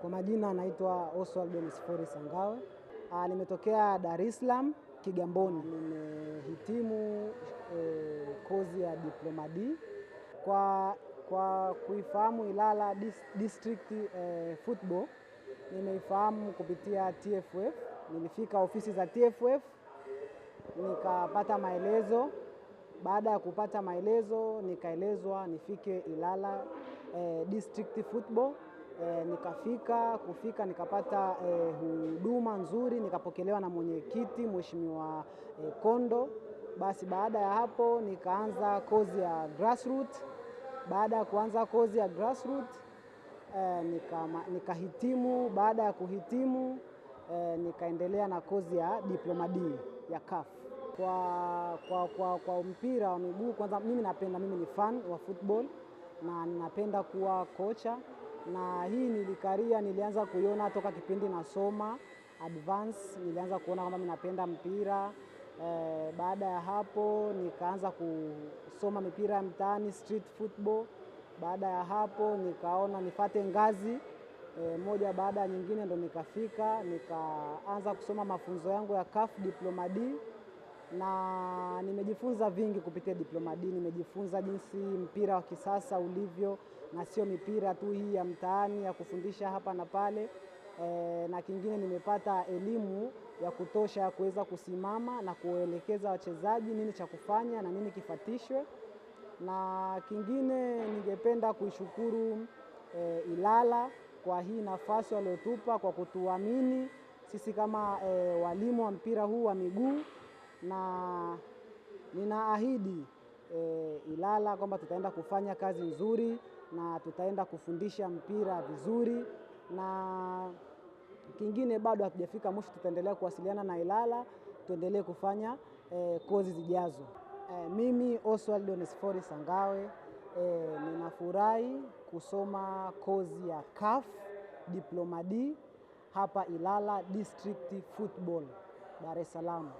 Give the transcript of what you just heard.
Kwa majina anaitwa Oswald Onesfori Sangawe. Ah, nimetokea Dar es Salaam Kigamboni. Nimehitimu eh, kozi ya diploma D kwa, kwa kuifahamu Ilala dis, district eh, football nimeifahamu kupitia TFF. Nilifika ofisi za TFF nikapata maelezo. Baada ya kupata maelezo, nikaelezwa nifike Ilala eh, district football E, nikafika kufika nikapata e, huduma nzuri, nikapokelewa na mwenyekiti mheshimiwa e, Kondo. Basi baada ya hapo nikaanza kozi ya grassroots. Baada ya kuanza kozi ya grassroots e, nikahitimu nika, baada ya kuhitimu e, nikaendelea na kozi ya diploma D ya CAF kwa, kwa, kwa, kwa mpira wa miguu. Kwanza mimi napenda, mimi ni fan wa football na ninapenda kuwa kocha na hii nilikaria, nilianza kuiona toka kipindi nasoma advance, nilianza kuona kwamba ninapenda mpira e. Baada ya hapo nikaanza kusoma mipira ya mtaani street football. Baada ya hapo nikaona nifate ngazi e, moja baada ya nyingine, ndo nikafika nikaanza kusoma mafunzo yangu ya CAF Diploma D na nimejifunza vingi kupitia Diploma D. Nimejifunza jinsi mpira wa kisasa ulivyo na sio mipira tu hii ya mtaani ya kufundisha hapa na pale. E, na kingine nimepata elimu ya kutosha ya kuweza kusimama na kuelekeza wachezaji nini cha kufanya na nini kifatishwe. Na kingine ningependa kuishukuru e, Ilala kwa hii nafasi waliotupa kwa kutuamini sisi kama e, walimu wa mpira huu wa miguu na ninaahidi e, Ilala kwamba tutaenda kufanya kazi nzuri na tutaenda kufundisha mpira vizuri, na kingine bado hatujafika mwisho, tutaendelea kuwasiliana na Ilala tuendelee kufanya e, kozi zijazo. E, mimi Oswald Onesfori Sangawe e, ninafurahi kusoma kozi ya CAF Diploma D hapa Ilala District Football. Dar es Salaam.